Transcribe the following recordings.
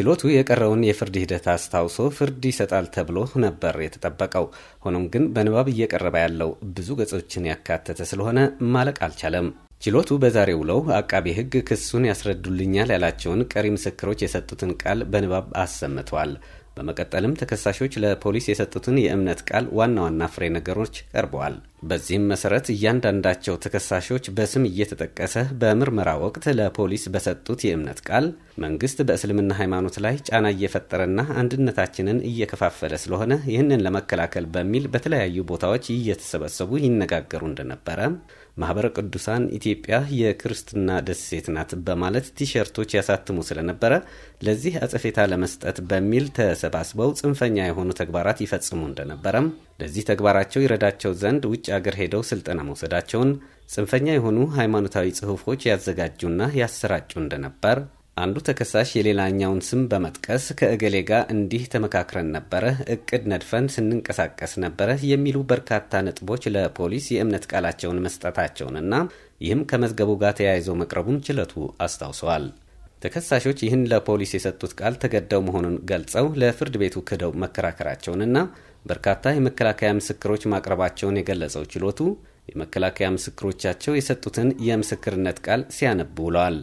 ችሎቱ የቀረውን የፍርድ ሂደት አስታውሶ ፍርድ ይሰጣል ተብሎ ነበር የተጠበቀው። ሆኖም ግን በንባብ እየቀረበ ያለው ብዙ ገጾችን ያካተተ ስለሆነ ማለቅ አልቻለም። ችሎቱ በዛሬው ውለው አቃቤ ሕግ ክሱን ያስረዱልኛል ያላቸውን ቀሪ ምስክሮች የሰጡትን ቃል በንባብ አሰምተዋል። በመቀጠልም ተከሳሾች ለፖሊስ የሰጡትን የእምነት ቃል ዋና ዋና ፍሬ ነገሮች ቀርበዋል። በዚህም መሰረት እያንዳንዳቸው ተከሳሾች በስም እየተጠቀሰ በምርመራ ወቅት ለፖሊስ በሰጡት የእምነት ቃል መንግስት በእስልምና ሃይማኖት ላይ ጫና እየፈጠረና አንድነታችንን እየከፋፈለ ስለሆነ ይህንን ለመከላከል በሚል በተለያዩ ቦታዎች እየተሰበሰቡ ይነጋገሩ እንደነበረ ማህበረ ቅዱሳን ኢትዮጵያ የክርስትና ደሴት ናት በማለት ቲሸርቶች ያሳትሙ ስለነበረ ለዚህ አጸፌታ ለመስጠት በሚል ተሰባስበው ጽንፈኛ የሆኑ ተግባራት ይፈጽሙ እንደነበረም ለዚህ ተግባራቸው ይረዳቸው ዘንድ ውጭ አገር ሄደው ስልጠና መውሰዳቸውን ጽንፈኛ የሆኑ ሃይማኖታዊ ጽሑፎች ያዘጋጁና ያሰራጩ እንደነበር አንዱ ተከሳሽ የሌላኛውን ስም በመጥቀስ ከእገሌ ጋር እንዲህ ተመካክረን ነበረ፣ እቅድ ነድፈን ስንንቀሳቀስ ነበረ የሚሉ በርካታ ነጥቦች ለፖሊስ የእምነት ቃላቸውን መስጠታቸውንና ይህም ከመዝገቡ ጋር ተያይዞ መቅረቡን ችሎቱ አስታውሰዋል። ተከሳሾች ይህን ለፖሊስ የሰጡት ቃል ተገደው መሆኑን ገልጸው ለፍርድ ቤቱ ክደው መከራከራቸውንና በርካታ የመከላከያ ምስክሮች ማቅረባቸውን የገለጸው ችሎቱ የመከላከያ ምስክሮቻቸው የሰጡትን የምስክርነት ቃል ሲያነብ ውለዋል።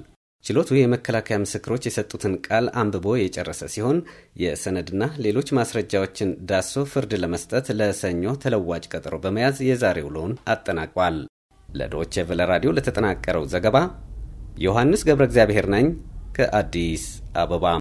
ችሎቱ የመከላከያ ምስክሮች የሰጡትን ቃል አንብቦ የጨረሰ ሲሆን የሰነድና ሌሎች ማስረጃዎችን ዳሶ ፍርድ ለመስጠት ለሰኞ ተለዋጭ ቀጠሮ በመያዝ የዛሬው ውሎውን አጠናቋል። ለዶቼ ቨለ ራዲዮ ለተጠናቀረው ዘገባ ዮሐንስ ገብረ እግዚአብሔር ነኝ ከአዲስ አበባ